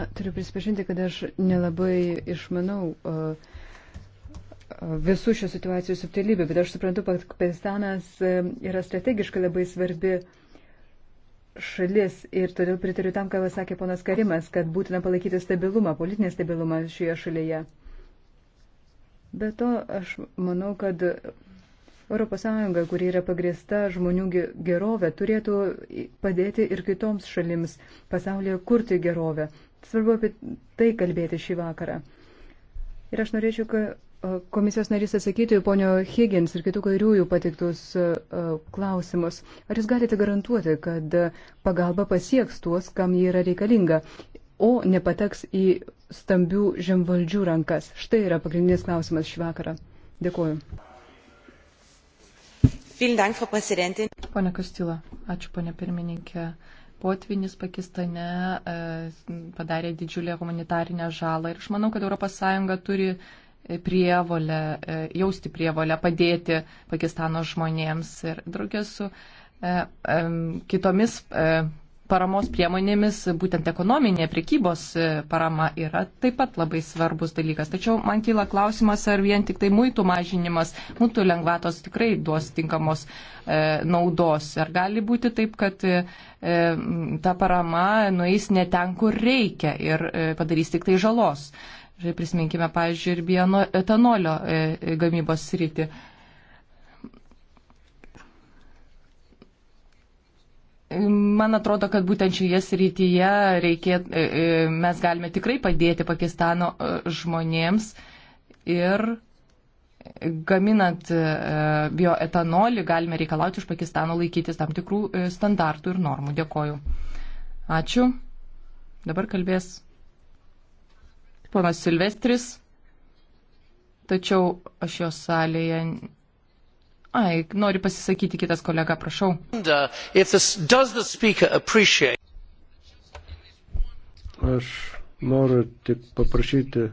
turiu prisipažinti, kad aš nelabai išmanau uh, visų šių situacijų subtilybių, bet aš suprantu, kad Pakistanas yra strategiškai labai svarbi uh, šalis ir todėl pritariu tam, ką sakė ponas Karimas, kad būtina palaikyti stabilumą, politinį stabilumą šioje šalyje. Be to, aš manau, kad ES, kuri yra pagrėsta žmonių gerovė, turėtų padėti ir kitoms šalims pasaulyje kurti gerovę. Svarbu apie tai kalbėti šį vakarą. Ir aš norėčiau, komisijos narys atsakyti ponio Higgins ir kitų kairiųjų patiktus e, klausimus. Ar jūs galite garantuoti, kad pagalba pasieks tuos, kam jį yra reikalinga, o nepateks į stambių žemvaldžių rankas? Štai yra pagrindinis klausimas šį vakarą. Dėkuoju. Pone Kostila, ačiū pone pirmininkė potvinis Pakistane e, padarė didžiulę humanitarinę žalą ir aš manau, kad ES turi prievolę, e, jausti prievolę padėti Pakistano žmonėms ir draugės su e, e, kitomis paramos priemonėmis, būtent ekonominė prekybos parama yra taip pat labai svarbus dalykas. Tačiau man kyla klausimas, ar vien tik tai muitų mažinimas, muitų lengvatos tikrai duos tinkamos e, naudos. Ar gali būti taip, kad e, ta parama nueis ne ten, kur reikia ir e, padarys tik tai žalos. Prisiminkime, pavyzdžiui, ir bioetanolio e, e, gamybos sritį. Man atrodo, kad būtent šioje srityje reikėt, e, mes galime tikrai padėti Pakistano žmonėms ir gaminant bioetanolį galime reikalauti iš Pakistano laikytis tam tikrų standartų ir normų. Dėkoju. Ačiū. Dabar kalbės ponas Silvestris, tačiau aš jo salėje. Ai, nori pasisakyti kitas kolega, prašau. Uh, aš noriu tik paprašyti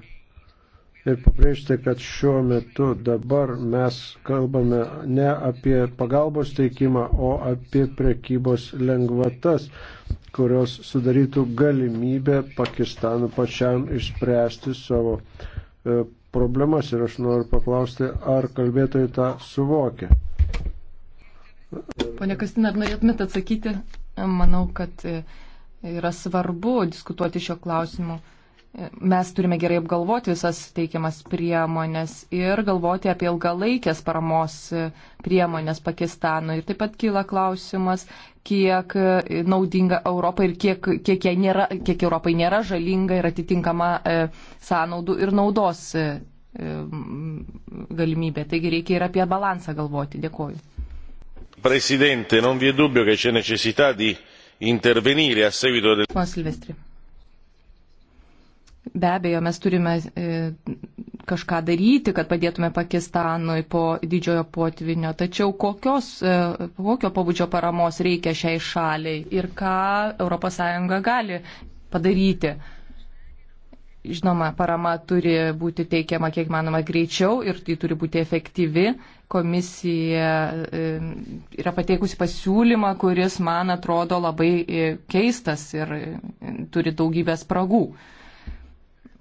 ir pabrėžti, kad šiuo metu dabar mes kalbame ne apie pagalbos teikimą, o apie prekybos lengvatas, kurios sudarytų galimybę Pakistanų pačiam išspręsti savo e, problemas. Ir aš noriu paklausti, ar kalbėtojai tą suvokia. Pone Kastina, ar norėtumėte atsakyti? Manau, kad e, yra svarbu diskutuoti šio klausimu mes turime gerai apgalvoti visas teikiamas priemonės ir galvoti apie ilgalaikės paramos priemonės Pakistanui. Ir taip pat kyla klausimas, kiek naudinga Europai ir kiek, kiek, nėra, kiek Europai nėra žalinga ir atitinkama e, sąnaudų ir naudos e, galimybė. Taigi reikia ir apie balansą galvoti. Dėkuoju. Presidente, non vi è dubbio che c'è necessità di intervenire a seguito del. Buon Silvestri. Be abejo, mes turime e, kažką daryti, kad padėtume Pakistanui po didžiojo potvinio. Tačiau kokios, e, kokio pabudžio paramos reikia šiai šaliai ir ką ES gali padaryti? Žinoma, parama turi būti teikiama kiek manoma greičiau ir tai turi būti efektyvi. Komisija e, yra pateikusi pasiūlymą, kuris man atrodo labai keistas ir turi daugybę spragų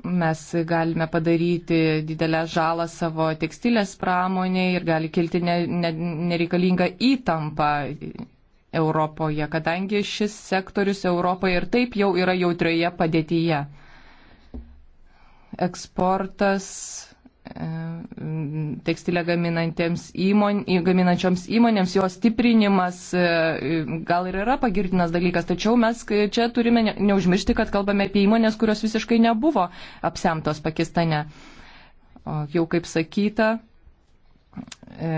mes galime padaryti didelę žalą savo tekstilės pramoniai ir gali kilti ne, ne, nereikalinga įtampa Europoje, kadangi šis sektorius Europoje ir taip jau yra jautrioje padėtyje. Eksportas E, tekstilę įmon, gaminančioms įmonėms, jos stiprinimas e, gal ir yra pagirtinas dalykas, tačiau mes čia turime neužmiršti, kad kalbame apie įmonės, kurios visiškai nebuvo apsemtos Pakistane. O jau kaip sakyta, e,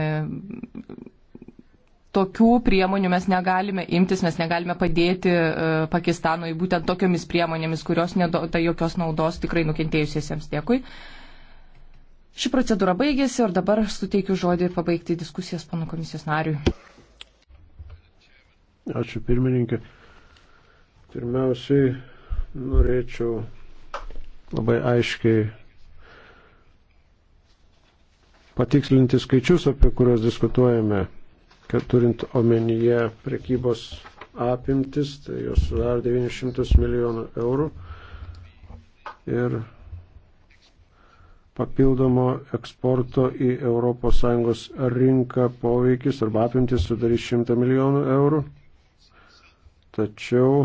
tokių priemonių mes negalime imtis, mes negalime padėti uh, Pakistanui būtent tokiomis priemonėmis, kurios neduoda tai jokios naudos tikrai nukentėjusiesiems. Dėkui. Uh, Ši procedūra baigėsi ir dabar suteikiu žodį pabaigti diskusijas panu komisijos nariui. Ačiū pirmininkė. Pirmiausiai norėčiau labai aiškiai patikslinti skaičius, apie kuriuos diskutuojame, kad turint omenyje prekybos apimtis, tai jos sudaro 900 milijonų eurų ir papildomo eksporto į ES rinką poveikis arba apimtis sudarys 100 milijonų eurų. Tačiau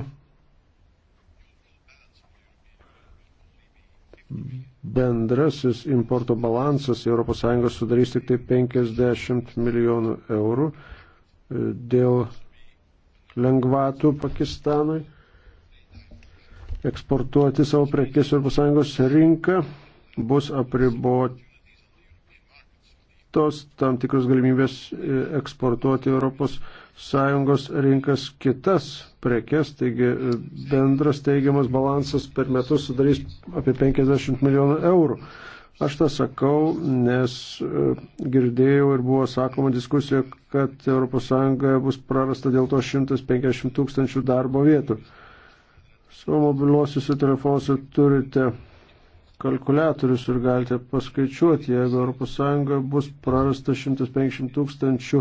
bendrasis importo balansas ES sudarys tik tai 50 milijonų eurų e, dėl lengvatų Pakistanui eksportuoti savo prekes ES rinką bus apribotos tam tikros galimybės e, eksportuoti Europos Sąjungos rinkas kitas prekes, taigi e, bendras teigiamas balansas per metus sudarys apie 50 milijonų eurų. Aš tą sakau, nes e, girdėjau ir buvo sakoma diskusija, kad ES bus prarasta dėl to 150 tūkstančių darbo vietų. Savo mobiliuosiuose telefonuose turite kalkulatorius ir galite paskaičiuoti, jeigu ES bus prarasta 150 tūkstančių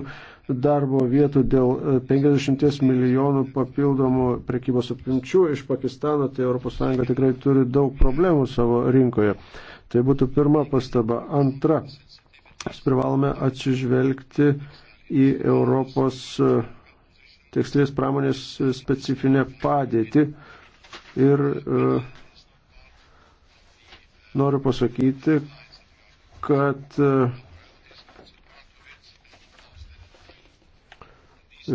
darbo vietų dėl 50 e, milijonų papildomų prekybos apimčių iš Pakistano, tai ES tikrai turi daug problemų savo rinkoje. Tai būtų pirma pastaba. Antra, mes privalome atsižvelgti į Europos e, tekstilės pramonės specifinę padėtį ir uh, Noriu pasakyti, kad e,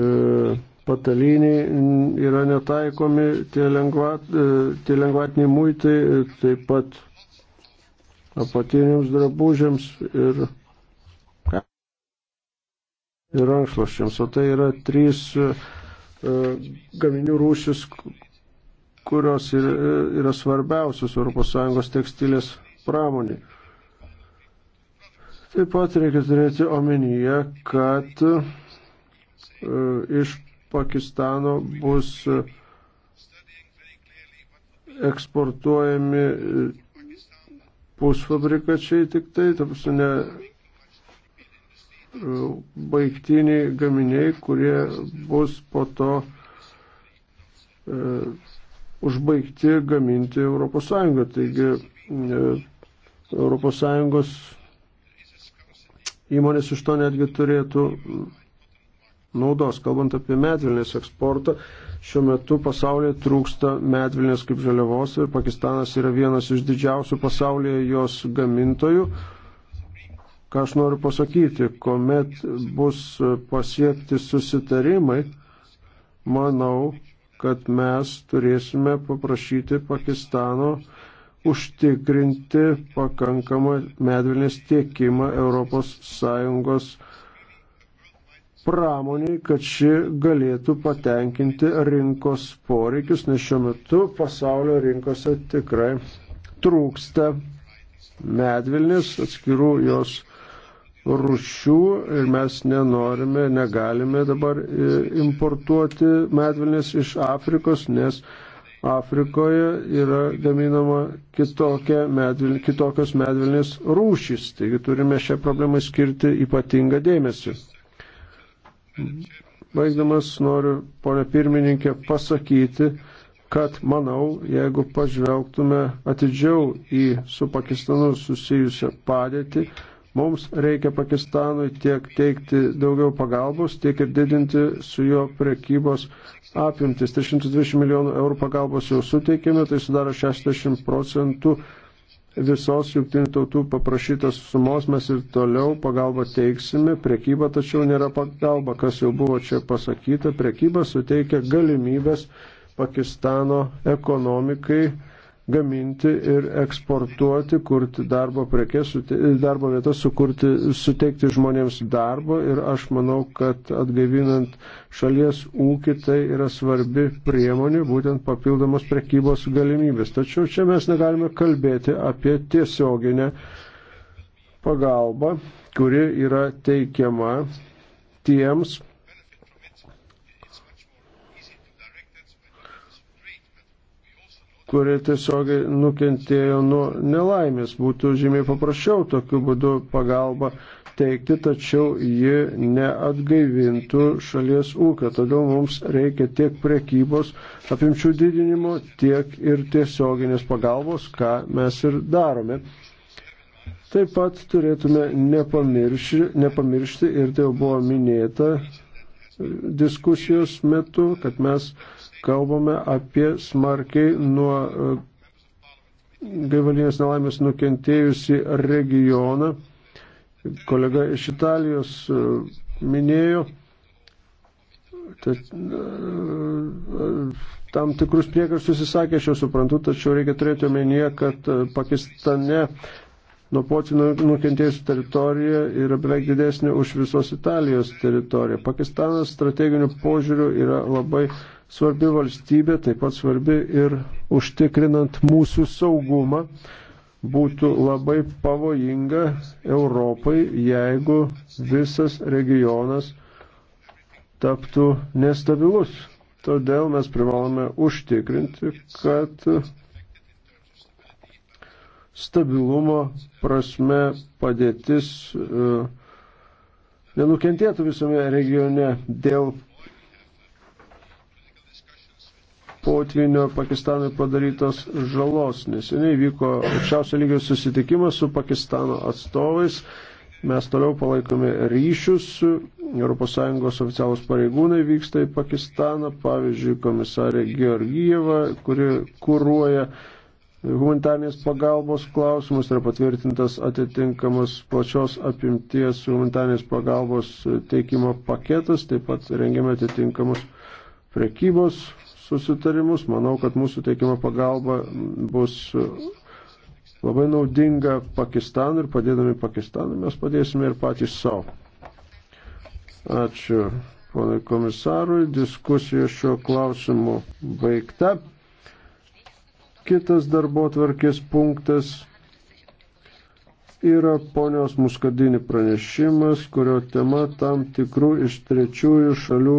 e, pataliniai yra netaikomi tie, lengvat, e, tie lengvatiniai muitai, taip pat apatiniams drabužiams ir, ir rankšluosčiams. O tai yra trys gaminių rūšis, kurios yra, yra svarbiausios ES tekstilės pramonė. Taip pat reikia turėti omenyje, kad e, iš Pakistano bus e, eksportuojami e, pusfabrikačiai tik tai, taps ne e, baigtiniai gaminiai, kurie bus po to e, užbaigti gaminti ES. Taigi ES įmonės iš to netgi turėtų naudos. Kalbant apie medvilnės eksportą, šiuo metu pasaulyje trūksta medvilnės kaip žaliavos ir Pakistanas yra vienas iš didžiausių pasaulyje jos gamintojų. Ką aš noriu pasakyti, kuomet bus pasiekti susitarimai, manau, kad mes turėsime paprašyti Pakistano užtikrinti pakankamą medvilnės tiekimą ES pramoniai, kad ši galėtų patenkinti rinkos poreikius, nes šiuo metu pasaulio rinkose tikrai trūksta medvilnės, atskirų jos rušių ir mes nenorime, negalime dabar e, importuoti medvilnės iš Afrikos, nes Afrikoje yra gaminama kitokia medviln, kitokios medvilnės rūšys. Taigi turime šią problemą skirti ypatingą dėmesį. Baigdamas noriu, ponia pirmininkė, pasakyti, kad manau, jeigu pažvelgtume atidžiau į su Pakistanu susijusią padėtį, Mums reikia Pakistanui tiek teikti daugiau pagalbos, tiek ir didinti su jo prekybos apimtis. 320 milijonų eurų pagalbos jau suteikėme, tai sudaro 60 procentų visos jungtinių tautų paprašytos sumos. Mes ir toliau pagalbą teiksime. Prekyba tačiau nėra pagalba, kas jau buvo čia pasakyta. Prekyba suteikia galimybės Pakistano ekonomikai gaminti ir eksportuoti, kurti darbo prekes, darbo vietas, sukurti, suteikti žmonėms darbo ir aš manau, kad atgaivinant šalies ūkį tai yra svarbi priemonė, būtent papildomos prekybos galimybės. Tačiau čia mes negalime kalbėti apie tiesioginę pagalbą, kuri yra teikiama tiems, kurie tiesiogiai nukentėjo nuo nelaimės. Būtų žymiai paprasčiau tokiu būdu pagalba teikti, tačiau ji neatgaivintų šalies ūkio. Todėl mums reikia tiek priekybos apimčių didinimo, tiek ir tiesioginės pagalbos, ką mes ir darome. Taip pat turėtume nepamiršti, nepamiršti ir tai jau buvo minėta diskusijos metu, kad mes kalbame apie smarkiai nuo e, gaivalinės nelaimės nukentėjusi regioną. Kolega iš Italijos e, minėjo tad, e, tam tikrus priekarščius įsakė, aš jau suprantu, tačiau reikia turėti omenyje, kad Pakistane nuo potvino nukentėjusi teritorija yra beveik didesnė už visos Italijos teritoriją. Pakistanas strateginiu požiūriu yra labai svarbi valstybė, taip pat svarbi ir užtikrinant mūsų saugumą. Būtų labai pavojinga Europai, jeigu visas regionas taptų nestabilus. Todėl mes privalome užtikrinti, kad stabilumo prasme padėtis e, nenukentėtų visame regione dėl potvinio Pakistanui padarytos žalos. Neseniai vyko aukščiausio lygio susitikimas su Pakistano atstovais. Mes toliau palaikome ryšius. ES oficialus pareigūnai vyksta į Pakistaną. Pavyzdžiui, komisarė Georgijeva, kuri kūruoja humanitarnės pagalbos klausimus yra patvirtintas atitinkamas plačios apimties humanitarnės pagalbos teikimo paketas, taip pat rengiame atitinkamus prekybos susitarimus. Manau, kad mūsų teikiama pagalba bus labai naudinga Pakistanui ir padėdami Pakistanui mes padėsime ir patys savo. Ačiū ponai komisarui. Diskusija šiuo klausimu baigta. Kitas darbo tvarkės punktas yra ponios muskardinį pranešimas, kurio tema tam tikrų iš trečiųjų šalių